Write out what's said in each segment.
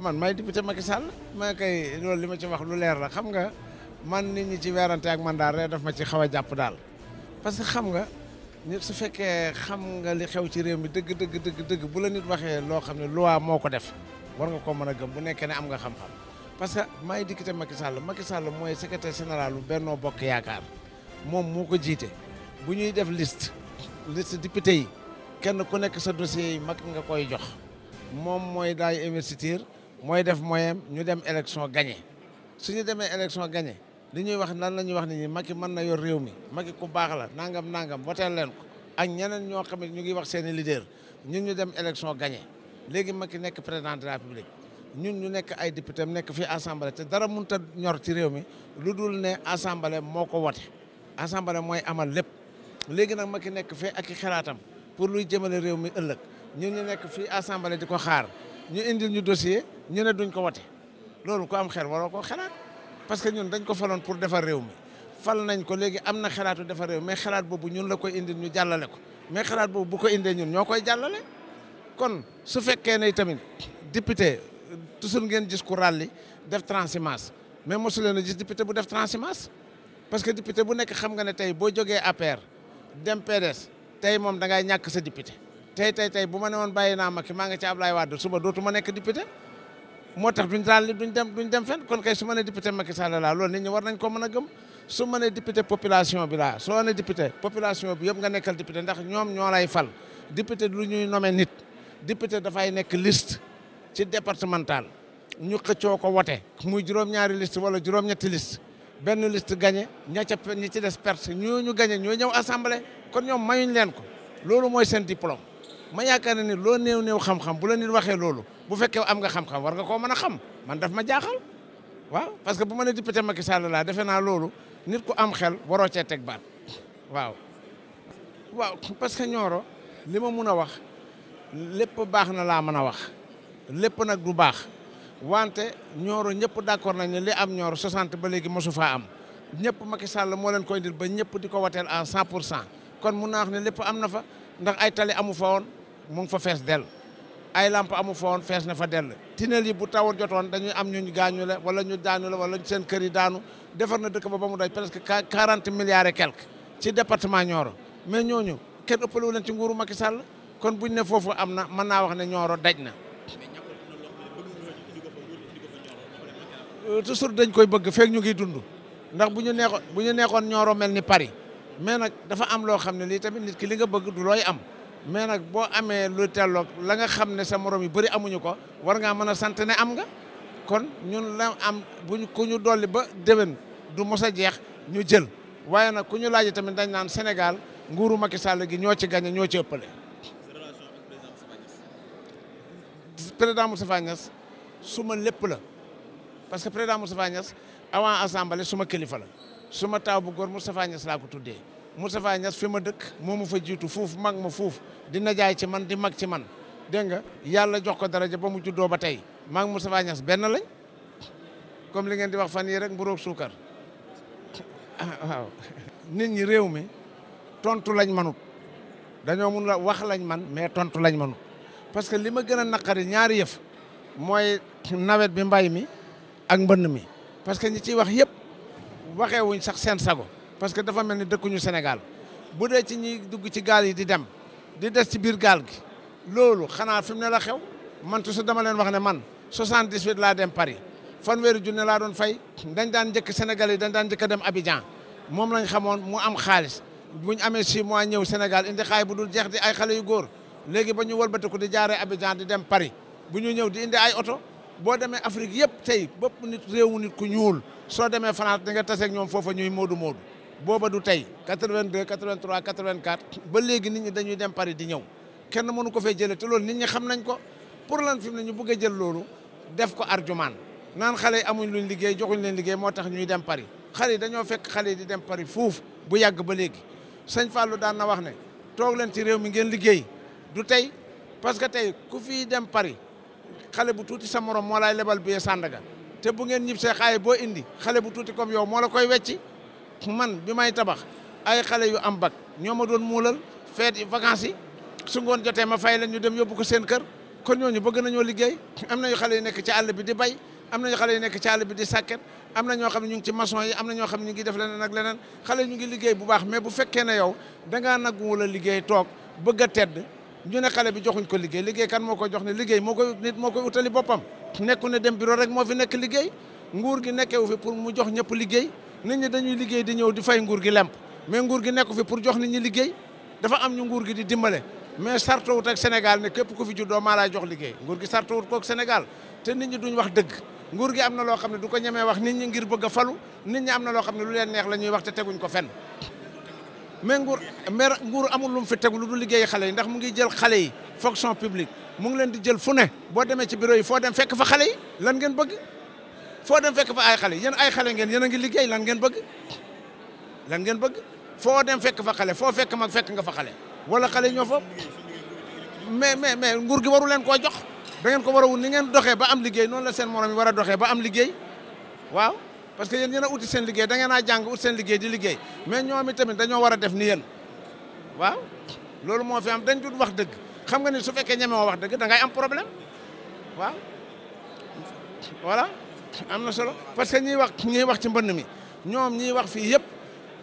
man may député Macky Sall ma kay loolu li ma ci wax lu leer la xam nga man nit ñi ci weerante ak man daal rek daf ma ci xaw a jàpp daal parce que xam nga nit su fekkee xam nga li xew ci réew mi dëgg dëgg dëgg dëgg bu la nit waxee loo xam ne loi moo ko def war nga koo mën a gëm bu nekkee ne am nga xam-xam parce que may député Macky Sall Macky Sall mooy secrétaire général bu Benno Bokk Yaakaar moom moo ko jiite bu ñuy def liste liste député yi kenn ku nekk sa dossier yi mag nga koy jox moom mooy daay investiture mooy def moyen ñu dem élection gagné su ñu demee élection gañe li ñuy wax nan la ñuy wax ni Macky man na yor réew mi Macky ku baax la nangam nangam woteel leen ko ak ñeneen ñoo xam ne ñu ngi wax seen i leader ñun ñu dem élection gañe léegi Macky nekk président de la République ñun ñu nekk ay député nekk fii assemblée te dara mënut ñor ci réew mi lu dul ne assemblée moo ko wote assemblée mooy amal lépp léegi nag Macky nekk fii ak i xalaatam pour luy jëmale réew mi ëllëg ñun ñu nekk fii assemblée di ko xaar. ñu indil ñu dossier ñu ne duñ ko wate loolu ko am xel waroo ko xalaat parce que ñun dañ ko faloon pour defar réew mi fal nañ ko léegi am na xalaatu defar réew mais xalaat boobu ñun la ko indil ñu jàllale ko mais xalaat boobu bu ko indee ñun ñoo koy jàllale kon su fekkee ne tamit député toujours ngeen gis ku ràlli def transhumance mais mosuleen leen a bu def transhumance parce que député bu nekk xam nga ne tey boo jogee APR dem PDS tey moom da ngay ñàkk sa député tey tey tey bu ma ne woon bàyyi naa Macky maa nga ci Ablaye Wade suba dootuma nekk député moo tax duñ daal duñ dem duñ dem fenn kon kay su ma ne député Macky Sall laa loolu nit ñi war nañ ko mën a gëm su ma ne député population bi laa soo ne député population bi yëpp nga nekkal député ndax ñoom ñoo lay fal député lu ñuy nommer nit député dafay nekk list ci départemental ñu xëccoo ko wote muy juróom-ñaari list wala juróom-ñetti liste benn liste gagné ña ca ñi ci des perte ñooñu gagné ñoo ñëw assemblée kon ñoom mayuñ leen ko loolu mooy seen diplôme ma yaakaar ne loo néew néew xam-xam bu la nit waxee loolu bu fekkee am nga xam-xam war nga koo mën a xam man daf ma jaaxal waaw parce que bu ma ne député Macky Sall laa defe naa loolu nit ku am xel waroo cee teg baat waaw. waaw parce que Nioro li ma mun a wax lépp baax na laa mën a wax lépp nag du baax wante Nioro ñëpp d'accord nañ ne li am Nioro 60 ba léegi mosu faa am ñëpp Macky Sall moo leen koy indil ba ñëpp di ko wateel en cent pour cent kon mun naa wax ne lépp am na fa ndax ay tali amu fa mu ngi fa fees dell ay lamp amu fa woon fees na fa dell tineel yi bu tawoon jotoon dañuy am ñu gaañu la wala ñu daanu la wala seen kër yi daanu defar na dëkk ba ba mu doy presque quarante milliards et quelque ci département Nioro mais ñu kenn ëppalewu leen ci nguuru Macky Sall kon buñ ne foofu am na mën naa wax ne ñooro daj na euh, toujours dañ koy bëgg feek ñu ngi dund ndax bu ñu neexoon bu ñu neexoon Nioro mel ni Paris mais nag dafa am loo xam ne lii tamit nit ki li nga bëgg du looy am mais nag boo amee lu telloog la nga xam ne sa moroom yu bëri amuñu ko war ngaa mën a sant ne am nga kon ñun la am buñ ku ñu dolli ba déwén du mos a jeex ñu jël waaye nag ku ñu laaj tamit dañ naan Sénégal nguuru Macky Sall gi ñoo ci gagné ñoo ci ëppale. président Moustapha Niass suma lépp la parce que président Moustapha Niass avant assemblée suma kilifa la suma taaw bu góor Moustapha Niass laa ko tuddee. Moustapha Niass fi ma dëkk moo ma fa jiitu fuuf mag ma fuuf dina jaay ci man di mag ci man dégg nga yàlla jox ko daraja ba mu juddoo ba tey maa ngi Moustapha Niass benn lañ comme li ngeen di wax fan yii rek mburoog suukar nit ñi réew mi tontu lañ manut dañoo mun la wax lañ man mais tontu lañ manut parce que li ma gën a naqari ñaari yëf mooy nawet bi mbay mi ak mbënn mi parce que ñi ciy wax yëpp waxeewuñ sax seen sago parce que dafa mel ni dëkkuñu Sénégal bu dee ci ñi dugg ci gaal yi di dem di des ci biir gaal gi loolu xanaa fi mu ne la xew man tu toujours dama leen wax ne man 78 laa dem Paris fanweeri junne laa doon fay dañ daan njëkk Sénégal yi dañ daan njëkk a dem Abidjan moom lañ xamoon mu am xaalis bu ñu amee 6 mois ñëw Sénégal indi xaay bu dul jeex di ay xale yu góor léegi ba ñu wëlbatiku di jaaree Abidjan di dem Paris bu ñu ñëw di indi ay oto boo demee Afrique yëpp tey bopp nit réewu nit ku ñuul soo demee France di nga taseeg ñoom foofa ñuy moodu moodu booba du tey 82 83 84 ba léegi nit ñi dañuy dem Paris di ñëw kenn mënu ko fee jëlee te loolu nit ñi xam nañ ko pour lan fi mu ne ñu bëgg a jël loolu def ko arjumaan naan xale yi amuñ luñ liggéey joxuñ leen liggéey moo tax ñuy dem Paris xale yi dañoo fekk xale yi di dem Paris fuuf bu yàgg ba léegi sëñ Fallou daan na wax ne toog leen ci réew mi ngeen liggéey du tey parce que tey ku fii dem Paris xale bu tuuti sa morom moo lay lebal bi Sandaga te bu ngeen ñib see xaaye boo indi xale bu tuuti comme yow moo la koy wecci man bi may tabax ay xale yu am bac ñoo ma doon muulal feet yi vacances yi su ngoon jotee ma fay leen ñu dem yóbbu ko seen kër kon ñoo ñooñu bëgg nañoo liggéey am nañu xale yu nekk ci àll bi di bay am nañu xale yu nekk ci àll bi di sàkket am na ñoo xam ne ñu ngi ci maçon yi am na ñoo xam ñu ngi def leneen ak leneen xale ñu ngi liggéey bu baax mais bu fekkee ne yow dangaa nag wala liggéey toog bëgg a tedd ñu ne xale bi joxuñ ko liggéey liggéey kan moo ko jox ne liggéey moo ko moo koy utali boppam nekku ne dem bureau rek moo fi nekk liggéey nguur gi nekkewu fi pour mu jox ñëpp liggéey nit ñi dañuy liggéey di ñëw di fay nguur gi lemp mais nguur gi nekku fi pour jox nit ñi liggéey dafa am ñu nguur gi di dimbale mais sartowut ak Sénégal ne képp ku fi juddoo maa lay jox liggéey nguur gi sartowut kook Sénégal te nit ñi duñ wax dëgg nguur gi am na loo xam ne du ko ñemee wax nit ñi ngir bëgg a falu nit ñi am na loo xam ne lu leen neex la ñuy wax te teguñ ko fen mais nguur mais nguur amul lu mu fi tegu lu du liggéey xale yi ndax mu ngi jël xale yi fonction publique mu ngi leen di jël fu ne boo demee ci bureau yi foo dem fekk fa xale yi lan bëgg foo dem fekk fa ay xale yéen ay xale ngeen yéen a ngi liggéey lan ngeen bëgg lan ngeen bëgg foo dem fekk fa xale foo fekk mag fekk nga fa xale wala xale ñoo fa mais mais mais nguur gi waru leen koo jox da ngeen ko war a wut ni ngeen doxee ba am liggéey noonu la seen morom yi war doxee ba am liggéey waaw parce que yéen yéen a uti seen liggéey da ngeen a jàng ut seen liggéey di liggéey mais ñoom tamit dañoo war a def ni yen waaw loolu moo fi am dañ dut wax dëgg xam nga ni su fekkee ñemeoo wax dëgg da am problème waaw am na solo parce que ñiy wax ñiy wax ci mband mi ñoom ñiy wax fii yëpp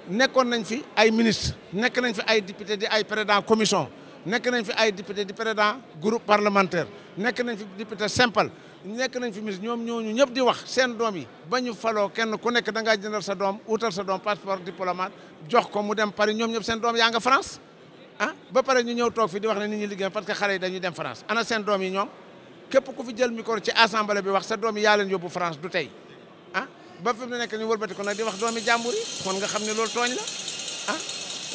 nekkoon nañ fi ay ministre nekk nañ fi ay député di ay président commission nekk nañ fi ay député di président groupe parlementaire nekk nañ fi député simple nekk nañ fi ministre ñoom ñooñu ñëpp di wax seen doom yi ba ñu faloo kenn ku nekk da ngaa jëndal sa doom utal sa doom passeport diplomate jox ko mu dem Paris ñoom ñëpp seen doom yaa nga France ah ba pare ñu ñëw toog fi di wax ne nit dem France ana seen doom yi képp ku fi jël micro ci assemblée bi wax sa doom yi yaa leen yóbbu France du tey ah, ba fi mu nekk ñu wëlbati ko nag di wax doomi jàmbur yi kon nga xam ne loolu tooñ la ah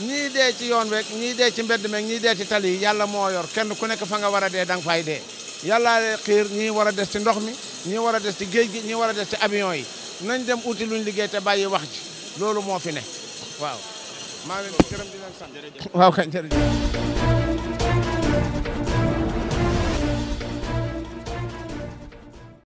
ñii dee ci yoon week ñii dee ci mbedd meeg ñii dee ci tali yi yàlla moo yor kenn ku nekk fa nga war a dee da nga fay dee yàllaa xiir ñii war a des ci ndox mi ñii war a des ci géej gi ñii war a des ci avion yi nañ dem uti luñ liggéey te bàyyi wax ji loolu moo fi ne waaw maa ngi leen